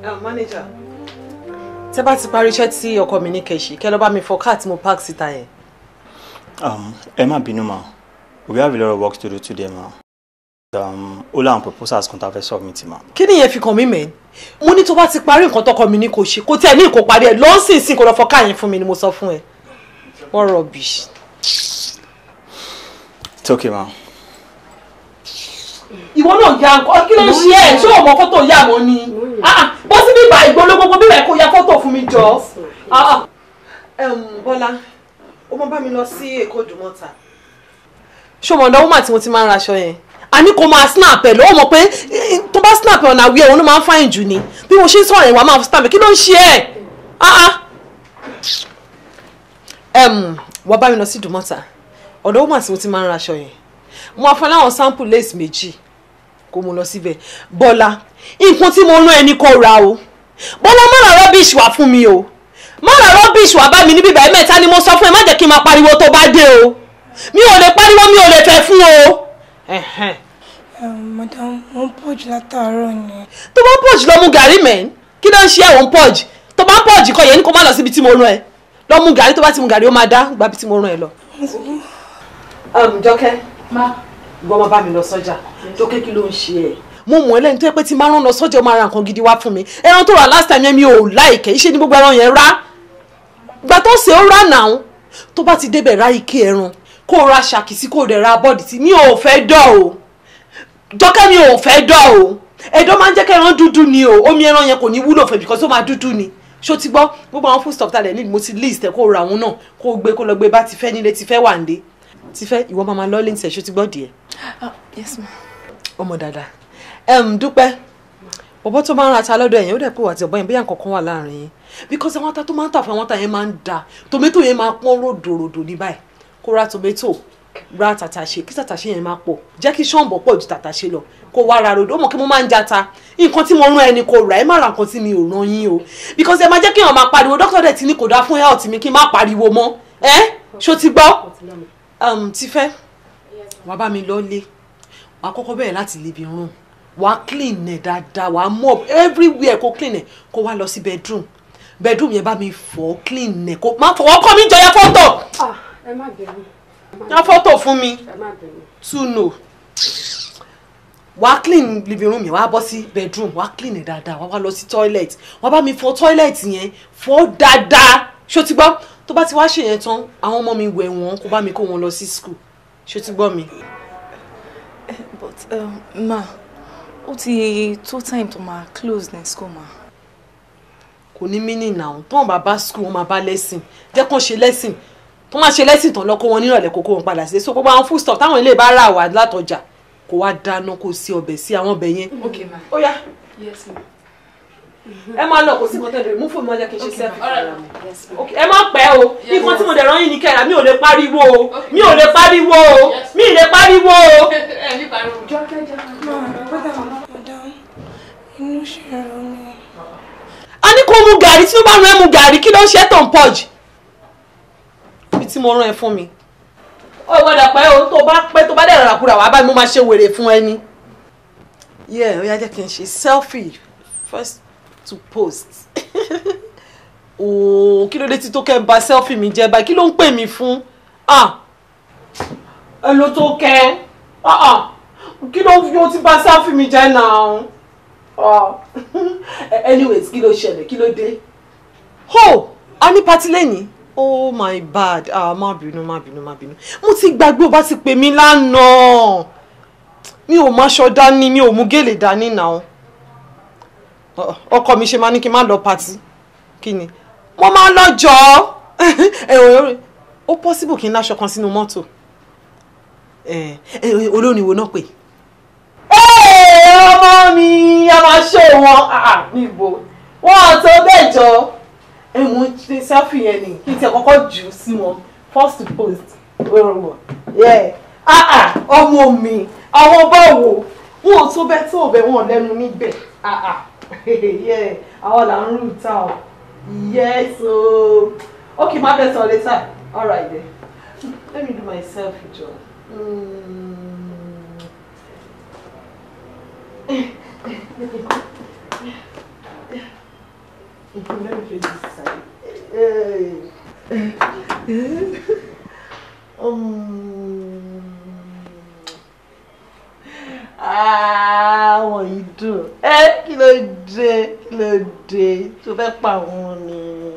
Uh, manager tẹ́ bá ti parí iṣẹ́ tí ọkọ mi ní kẹ̀ṣì kẹ́ lọ bá mi fọ káà tí mo park síta yẹn. Um, ẹ má bínú ma we have a lot of work to do today ma um, ó láwọn proposals kan tá a fẹ́ submit ma. kí nìyẹn fi kàn mí mẹ́ mo ní tó bá ti parí nǹkan tọkọ mi ní kò ṣe kó tiẹ̀ ní ìkó parí ẹ̀ lọ́sìnsìn kò lọ fọ káà yẹn fún mi ni mo sọ fún ẹ wọ́n rubbish. it's okay ma ìwọ náà ya nǹkan kí ló ń ṣe ẹ ṣé òun mọ fọ́tò ìyá àwọn ni. Ah, ah, bó sì bíbá ìgbóló gbogbo bíbá ẹ kó ya fọ́tò fún mi jọ. Ah, Bọ́lá o mọ bá mi lọ sí Èkó Dùmọ̀tà. ṣọmọdọ wúmà tí mo ti máa ń raṣọ yẹn a ní kó máa snap ẹ lọ́wọ́ mọ̀ pé eh, tó bá snap ọ̀nà àwíyẹ òun ló máa ń fàyìn jù ni bí mo ṣe ń sọ̀rọ̀ yẹn wàá máa snap kí ló ń ṣe ẹ̀. wàá bá mi lọ sí Dùmọ̀tà ọ̀dọ̀ wúmà tí mo ti máa ń raṣọ yẹn mo afọ láwọn sample lace méjì kó mo lọ síbẹ̀ bọ́lá nǹkan tí mo rán ẹni kọ́ ra o bọ́lá má ra rọ́bìṣì wá fún mi o má ra rọ́bìṣì wá bá mi níbí bàbá mẹ́ta ni mo sọ fún ẹ má jẹ́ kí n máa pariwo tó bá dé o mi ò lè pariwo mi ò lè fẹ́ fún o. madam mo ń pọ̀jù látàárọ̀ ni. tó bá ń pọ̀jù lọ mu gàrí mẹ́ kí ló ń ṣe ẹ̀wọ̀n pọ̀jù tó bá ń pọ̀jù kọ yẹn ni kò má lọ síbi tí mo rán ẹ lọ mu gàrí tó bá ti mu gàrí ó máa dá gbàbí tí mo rán ẹ lọ. Um, jọkẹ́ má gbọ́ máa bá mi lọ sọ́jà tó kékeré ló ń ṣe ẹ̀. mo mọ̀ ẹ́ lẹ́ni tó yẹ pé tí máa rán lọ sọ́jà ó máa ra nǹkan gidi wá fún mi ẹran tó rà last time yẹn mi ò láìkẹ́ iṣẹ́ ni gbogbo ẹran yẹn rá gbà tó ṣe ó rà náà tó bá ti débẹ̀ ra ike ẹran kó ra ṣàkìsí kó dẹ̀ ra bọ́ọ̀dì sí mi ò fẹ́ dọ̀ o dọ́kẹ́ mi ò fẹ́ dọ̀ o ẹ̀dọ́ máa ń jẹ́ kẹ́ran dúdú ni o omi ẹran yẹn kò ní wúlò fẹ́ because ó máa dúdú ni ṣó ti gbọ́ gbogbo àwọn foodstuff tá ní mo ti list ẹ̀ kó ra òun náà kó gbé kó lọ gbé bá ti fẹ́ nílé ti fẹ́ wà ń dé ti fẹ́ ìwọ máa lọ lẹ́yìn ṣẹ̀ṣọ́ ti gbọ́ díẹ̀. Ah, yes ma. ọmọ dada dúpẹ́ bọ́bọ́ tó máa ń ra ata lọ́dọ̀ ẹ̀yìn ó dẹ̀ pé wà tí ọ̀bọ yẹn bóyá nǹkan kan wà láàrin yín because àwọn ata tó máa ń tà fún àwọn ata yẹn máa ń da tomato yẹn máa pọ́n ròdòròdò ní báyìí kó ra tomato ra tàtàṣé kí tàtàṣé yẹn máa pọ̀ jẹ́ kí ṣọ́ǹbọ̀ pọ̀ ju tàtàṣé lọ kó wá ra ròdò ó mọ̀ kí mo máa ń jata nǹkan tí mo rán ẹni kò rà ẹ má ra nǹkan tí mi ò rán yín o because ẹ máa jẹ́ kí èèyàn máa pariwo dókítà dẹ̀ ti ní kò dáa fún health mi kí n má pariwo mọ́ ẹ́ ṣó ti Um, ti fẹ́ wàá bá mi lọ́lé wàá kọ́kọ́ bẹ̀rẹ̀ láti lebi rún wàá clean ẹ̀ dáadáa wàá mop everywhere kó clean ẹ̀ kó wá lọ sí bedroom bedroom yẹn bá mi fọ̀ clean ẹ̀ kó má fọwọ́ kọ́ mi jọyọ fọ́tò. Ah, ẹ má bẹ̀rù. ná fọ́tò fún mi two no wàá clean living room yẹn wàá bọ́ sí bedroom wàá clean ẹ̀ dáadáa wàá wá lọ sí toilet wàá bá mi fọ̀ toilet yẹn fọ̀ dáadáa ṣó ti gbọ́ tó bá ti wá ṣèyẹn tán àwọn ọmọ mi wẹ̀ wọ́n kó bá mi kó wọn lọ sí school ṣé o ti gbọ́ mi. but um, ma ó ti tó time to ma close ní school ma. kò ní mí nìyà òun tó wọn bá bá school wọn máa bá lẹ́sìn jẹ́ kó ṣe lẹ́sìn tó máa ṣe lẹ́sìn tán lọ́kọ́ wọn nírọ̀lẹ́ kókó wọn padà sí so gbogbo àwọn foodstuff táwọn ilé bá rà wá látọjà kó wá dáná kó sí ọbẹ̀ sí àwọn ọbẹ̀ yẹn. ok ma ó yá. yes ma ẹ máa lọ kò sí nǹkan tẹ́lẹ̀ mú fún mi ọjà kì í ṣe sẹ́fì ẹ má pẹ́ o nǹkan tí mo dẹ̀ rán yín ní kẹ́ra mi ò lè pariwo o mi ò lè pariwo o mi ì lè pariwo o. a ní kó mu gàrí tí ó bá rán ẹ mu gàrí kí ló ń ṣe tó ń pọ̀ jù ibi tí mo rán ẹ fún mi. ó gbọ́dọ̀ pẹ́ o tó bá pẹ́ tó bá dẹ̀ rà kúrà wá báyìí mo máa ṣe wèrè fún ẹni. yẹ́ ó yá jẹ́ kí n ṣe selfie first to post ooo oh, kí ló dé tí tó kẹ́ ń ba selfie mi jẹ́ báyìí kí ló ń pè mí fún ah! ẹ ló tó kẹ́ ah, ah. kí ló fi o ti ba selfie mi jẹ́ náà anyways kí ló ṣẹlẹ̀ kí ló dé. ho a ní pati lẹ́yìn oh my bad ah má bínú má bínú má bínú mo ti gbàgbé o bá ti pè mí lánàá mi ò máṣọ dání mi ò mú gèlè dání náà ọkọ mi ṣe máa ní kí n má lọ patí kí ni mo máa lọ jọ ọ ó possible kí n láṣọ kan sínú mọ́tò olórin wo náà pè. ọmọ mi a máa ṣó wọn ah, níbo wọn tó bẹ́ẹ̀ jọ èmu ṣe selfie yẹn ni kí n tiẹ̀ kọ́kọ́ jù ú sí wọn first post wẹ́rọ̀wọ̀ ah, ah, ọmọ mi àwọn báwo wọn tó bẹ́ẹ̀ tó bẹ́ẹ̀ wọn lẹ́nu níbẹ̀. yeah our là ń town yes ooo so. okay má bẹ sọ later right then let me do myself jọ. Mm. let me face this side. Eh. um. ah táwọn yìí dùn ẹ kí ló dé kí ló dé tó fẹ́ pa wọn ni.